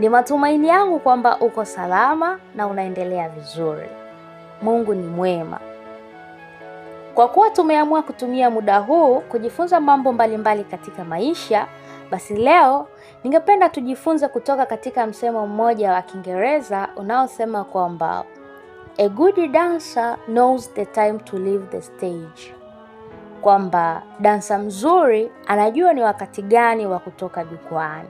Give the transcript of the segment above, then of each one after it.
Ni matumaini yangu kwamba uko salama na unaendelea vizuri. Mungu ni mwema. Kwa kuwa tumeamua kutumia muda huu kujifunza mambo mbalimbali mbali katika maisha, basi leo ningependa tujifunze kutoka katika msemo mmoja wa Kiingereza unaosema kwamba a good dancer knows the time to leave the stage, kwamba dansa mzuri anajua ni wakati gani wa kutoka jukwaani.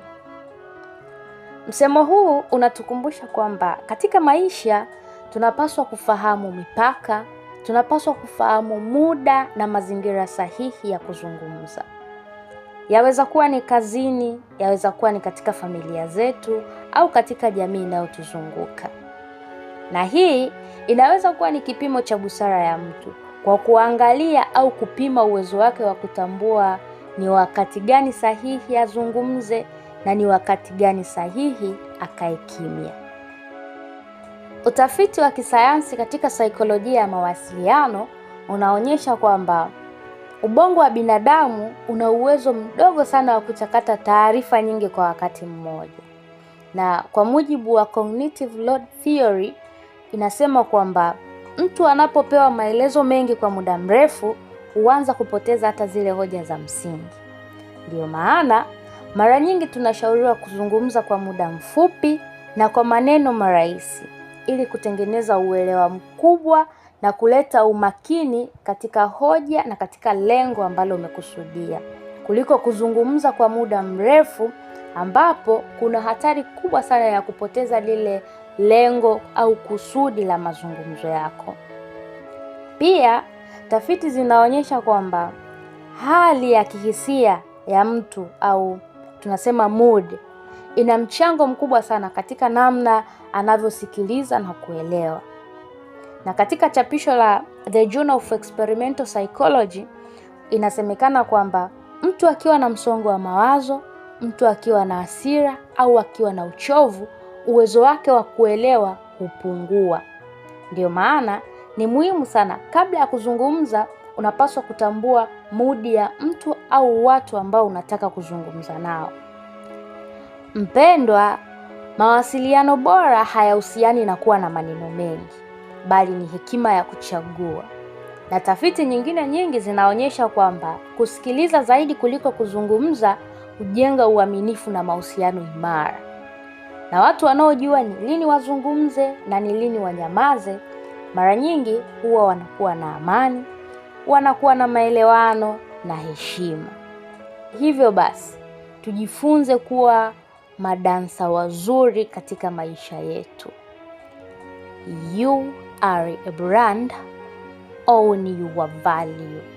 Msemo huu unatukumbusha kwamba katika maisha tunapaswa kufahamu mipaka, tunapaswa kufahamu muda na mazingira sahihi ya kuzungumza. Yaweza kuwa ni kazini, yaweza kuwa ni katika familia zetu au katika jamii inayotuzunguka. Na hii inaweza kuwa ni kipimo cha busara ya mtu kwa kuangalia au kupima uwezo wake wa kutambua ni wakati gani sahihi azungumze na ni wakati gani sahihi akae kimya. Utafiti wa kisayansi katika saikolojia ya mawasiliano unaonyesha kwamba ubongo wa binadamu una uwezo mdogo sana wa kuchakata taarifa nyingi kwa wakati mmoja, na kwa mujibu wa cognitive load theory inasema kwamba mtu anapopewa maelezo mengi kwa muda mrefu huanza kupoteza hata zile hoja za msingi. Ndiyo maana mara nyingi tunashauriwa kuzungumza kwa muda mfupi na kwa maneno marahisi ili kutengeneza uelewa mkubwa na kuleta umakini katika hoja na katika lengo ambalo umekusudia, kuliko kuzungumza kwa muda mrefu ambapo kuna hatari kubwa sana ya kupoteza lile lengo au kusudi la mazungumzo yako. Pia tafiti zinaonyesha kwamba hali ya kihisia ya mtu au tunasema mood ina mchango mkubwa sana katika namna anavyosikiliza na kuelewa. Na katika chapisho la The Journal of Experimental Psychology inasemekana kwamba mtu akiwa na msongo wa mawazo, mtu akiwa na hasira au akiwa na uchovu, uwezo wake wa kuelewa hupungua. Ndiyo maana ni muhimu sana kabla ya kuzungumza unapaswa kutambua mudi ya mtu au watu ambao unataka kuzungumza nao. Mpendwa, mawasiliano bora hayahusiani na kuwa na maneno mengi, bali ni hekima ya kuchagua. Na tafiti nyingine nyingi zinaonyesha kwamba kusikiliza zaidi kuliko kuzungumza hujenga uaminifu na mahusiano imara. Na watu wanaojua ni lini wazungumze na ni lini wanyamaze, mara nyingi huwa wanakuwa na amani wanakuwa na maelewano na heshima. Hivyo basi tujifunze kuwa madansa wazuri katika maisha yetu. You are a brand, own your value.